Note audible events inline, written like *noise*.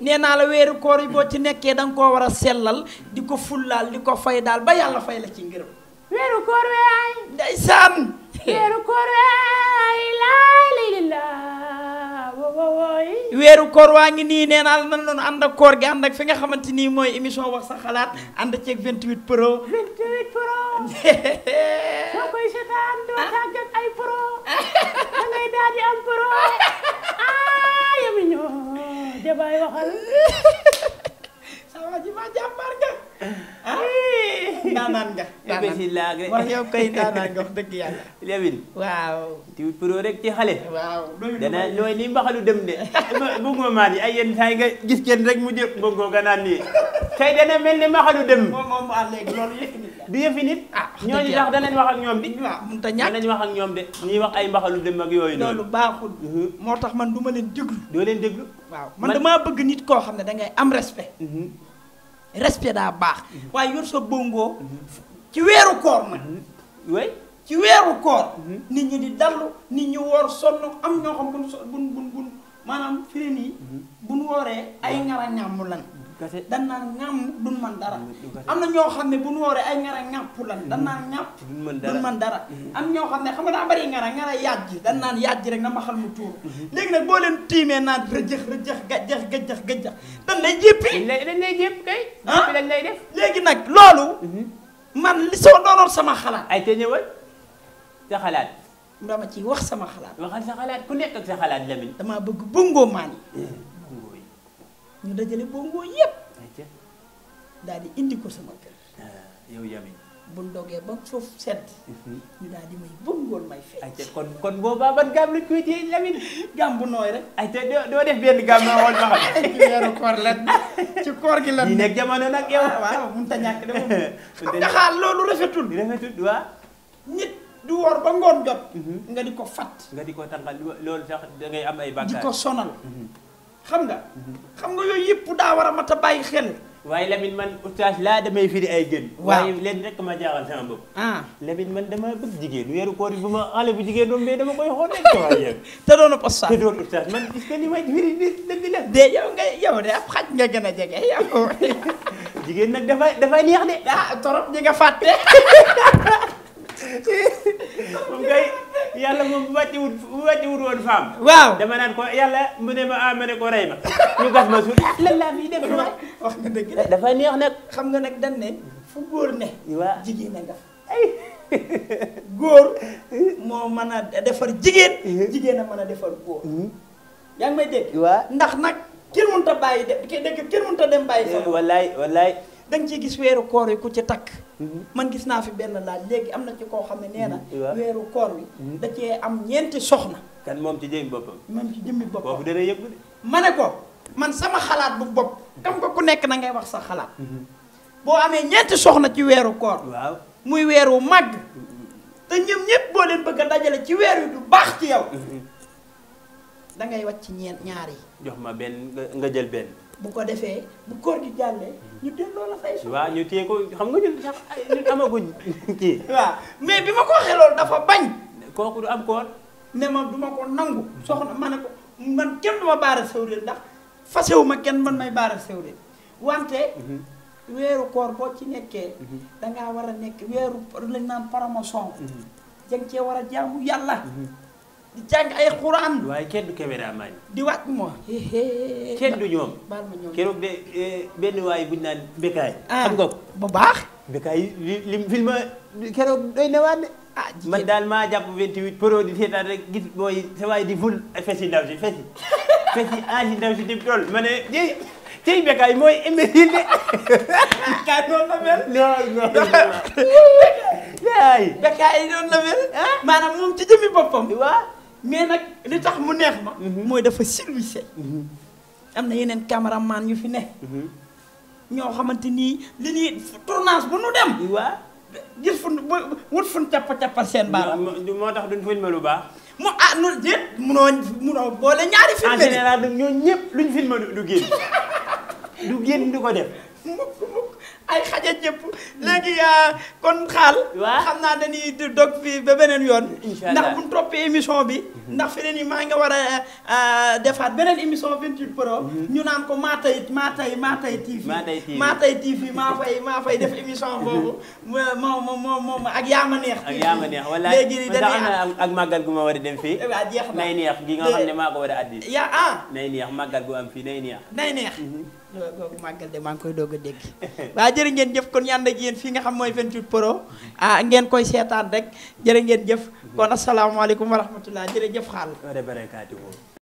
nee naa la weeru koor yi boo ci nekkee danga koo war a sellal di ko fullaal di ko fay daal ba yàlla fay la ci ngërëm weeru koor waay ndeysaan weeru koor waa ngi nii nee naa la nan doon ànd ak koor gi ànd ak fi nga xamante nii mooy émission wax sa xalaat ànd ceeg 28 pro *laughs* ay pro da daal di am pro jabaay waxal *laughs* sama ji ma jàmbaar nga ah naanaan nga wax yow kay naanaan nga wax dëgg yàlla Lamine waaw rek ci xale waaw dana looy ni mbaxalu dem de bëgguma maa yi ay yenn saa yi nga gis kenn rek mu jëpp mbongoo nga naan nii tey dana mel ni mbaxalu dem moom du yëfi nit ah ñooñu sax danañ wax ak ñoom di waaw mun ta ñàkk danañ wax ak ñoom de ñuy wax ay mbaxalu dem ak yooyu lu baaxul mhm. moo tax man du ma leen déglu doo leen déglu waaw man damaa bëgg nit koo xam ne dangay am respe mhm. respe daa baax mhm. waaye yor sa bongo ci weeru koor man way ci weeru koor nit ñi di dallu nit ñi woor sonn am ñoo xam bun bun bun bun maanaam firi nii wooree ay ngara ñàmm lan dan naan ŋàmm duñ man dara am na ñoo xam ne bu ñu wooree ay ngara ŋàpp lan dan naan mm-hmm. ŋàpp duñ man dara mm-hmm. am ñoo xam ne xam nga daa bari ngara ngara yàjj dan naan yàjj rek na ma xal mu tuur mm-hmm. léegi nag boo leen tiimee naan rëjëx rëjëx gajjax gajjax gajjax dan lay jéppi dañ lay jépp kay ah dañ lay def léegi nag loolu man soo sama xalaat ay te ñëwal sa ciy wax sama xalaat waxal sa xalaat ku nekk ak sa xalaat Lamine damaa bëgg bëngoo maan mm. ñu dajale bongo yépp daal di indi ko sama kër. Ah, yow Yamin. bu ndogee ba suuf sedd. Mhm. ñu daal di may bëngoon may fecc. kon kon boobaa ban gàmm lañ koy téye Yamin. gàmm nooy rek. ayca doo doo def benn gàmm na xool ba xam. ci weeru koor lan ci ñu nekk jamono nag yow. Ah, waaw mënut a ñàkk de moom. xam nga xaar loolu rafetul. rafetul waaw. nit du woor ba ngoon jot. Mhm. nga di ko fat. nga di ko tànqal loolu sax da ngay am ay bàkkaar di ko sonal. Mhm. xam nga. xam nga yooyu yëpp daa war a a bàyyi xel. waaye Lamine man oustaz laa damay firi ay gën. waaye leen rek ma jaaxal sama bopp. ah Lamine man dama bëgg jigéen weeru koor bu ma xale bu jigéen doom bee dama koy xool rek sama *laughs* yëg. te doon oustaz te doon oustaz man gis nga li may firi dëgg la. de yow nga yow de ab nga gën a jege yow. *laughs* jigéen nag dafay dafay neex de. ah torop ñi nga fàtte. *laughs* moom kay. yàlla moom bu wàcce wut bu wut woon femme. waaw dama naan ko yàlla mu ne ma ah ma ne ko rey ma ñu gas ma suul ah, lan laa fiy def ma. wax nga dëgg la eh, dafa neex nag. xam nga nag dañ ne fu góor ne. waaw jigéen nga ay. góor moo mën a defar jigéen. Mhm. jigéen a mën a defar góor. Mhm. yaa ngi may dégg. waaw ndax nag kenn mënut a bàyyi de kenn mënut a dem bàyyi. Eh, wallaay wallaay. da nga gis weeru koor yi ku ci takk mhm. man gis naa fi benn laaj léegi am na ci koo xam ne nee na mhm. weeru koor wi mhm. da cee am ñeenti soxna kan moom ci jëmmi boppam moom ci jëmmi boppam boobu dana yëg de ma ne ko man sama xalaat bu bopp kam ko ku nekk na ngay wax sa xalaat boo amee ñeenti soxna ci weeru koor waaw muy wu màgg te ñoom ñëpp boo leen bëgg a dajale ci weer wi du baax ci yow da ngay wàcc ñeent ñaar jox ma benn nga jël benn. bu ko defee bu koor gi jàllee. ñu delloo la fay. waaw ñu téye ko xam nga ñun ñun amaguñ *laughs* kii. waaw mais bi ma ko waxee dafa bañ. kooku du am koor. ne ma du ma ko nangu. soxna ma ne ko man kenn du ma baara sewreel ndax fasewu ma kenn man may baara sewreel wante. Mhm. weeru koor boo ci nekkee. Mhm. da ngaa war a nekk weeru lañ naan promotion. da mhm. nga cee war a jaamu yàlla. di jàng ay xuraan. waaye kenn du caméraman di waat moo. kenn du ñoom. keroog de benn waaye bu ñu naan Bécaye. Ah, xam nga ko bu baax. Bécaye li lim film keroog doy na waat de. ah maa jàpp 28 pro di seetaan rek gis booy sa waay di ful fesi ndaw *laughs* di tool ma ne jéeg. mooy imbécile de. *laughs* Bécaye doon la mel. non non Bécaye. Bécaye doon la mel. Ah? maanaam moom ci jëmmi boppam. waaw. mais nag li tax mu neex ma. Mhm. mooy dafa silwise mhm. am na yeneen maan yu fi ne. Mhm. ñoo xamante ni li ñuy tournage bu nu dem. waaw gis fu wut fu cappa cappa seen baaraam. moo tax duñ filmé lu baax. mu ah non déet munoo munoo boole ñaari. filmé en général ñoo ñëpp luñ filmé du génn *laughs* du génn du ko def. ay xaja cëpp léegi euh, kon xaal am naa dañuy dog fi ba beneen yoon ndax buñ toppee émission bi ndax feneen yi maa nga war a euh, euh, defaat beneen émission 28 pro mhm. ñu naan ko maa tay maa tay maa tay TV maa tay TV maa fay maa fay def émission boobu moom moom moom ak yaa ma neex ak yaa ma neex wala léegi dañuy ak màggal gu ma war a dem fii eh, nay neex gi nga xam ne maa a ah. nay neex fii nay neex nay loolu mhm. màggal de maa ngi koy doog a dégg *laughs* jërë ngeen jëf kon ñu yéen fii nga xam mooy 28 pro ah ngeen koy seetaan rek jërë ngeen jëf kon asalaamaaleykum wa rahmatulah jëf xaal.